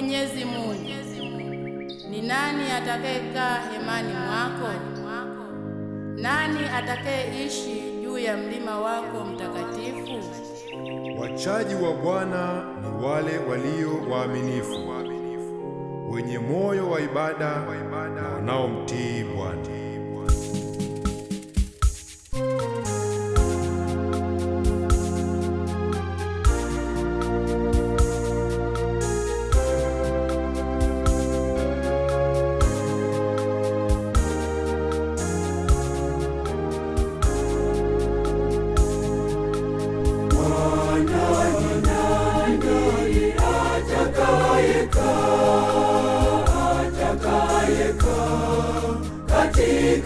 Mwenyezi Mungu, ni nani atakayekaa hemani mwako? Nani atakayeishi juu ya mlima wako mtakatifu? Wachaji wa Bwana ni wale walio waaminifu, wenye moyo wa ibada na wanaomtii Bwana.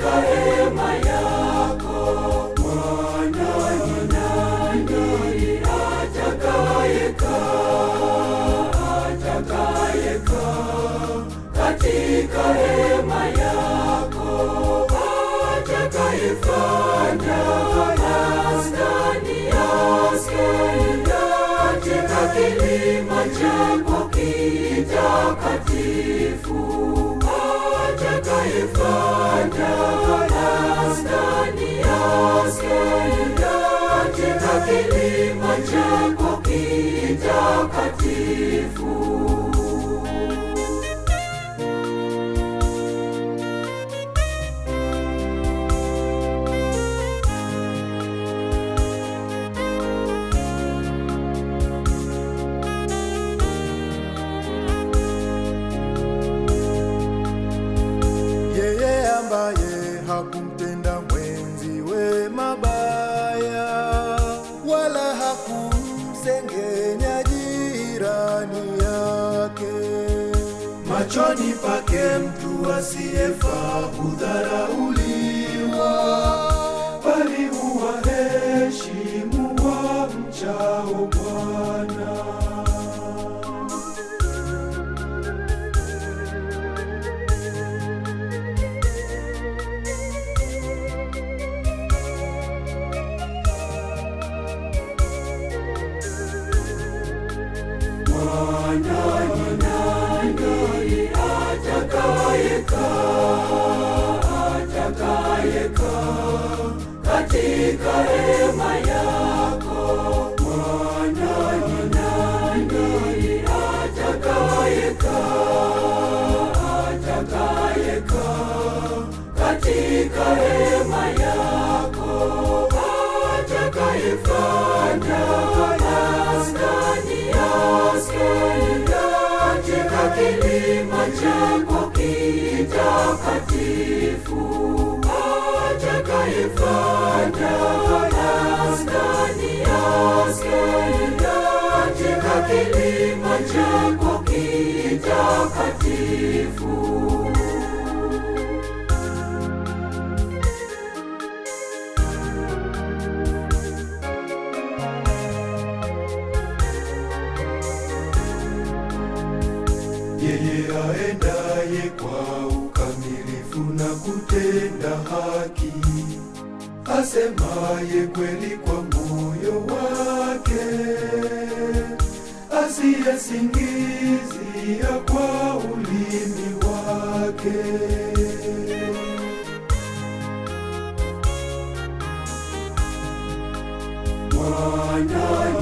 kwa hema ya Nyumbani pake mtu asiyefaa hudharauliwa, bali huwaheshimu wamchao Bwana. Mwana atakayekaa katika hema mtakatifu atakaifanya maskani yake katika kilima chako kitakatifu. Yeye aendaye kwao kutenda haki, asemaye kweli kwa moyo wake, asiyesingizia kwa ulimi wake. Mwana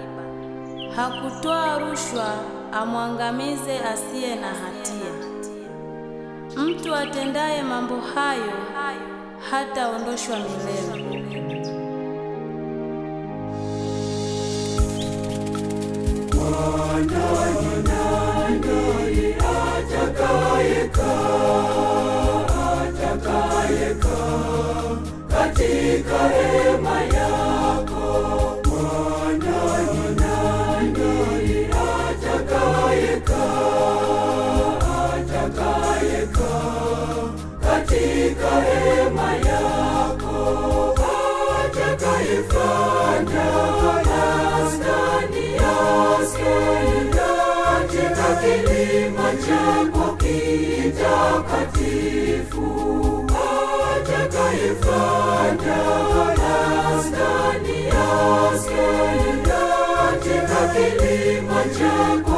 hakutoa rushwa amwangamize asiye na hatia. Mtu atendaye mambo hayo hataondoshwa milele. Nani, atakayekaa katika hema katika hema yako atakaifanya maskani yake katika kilima chako kitakatifu atakaifanya maskani yake katika kilima chako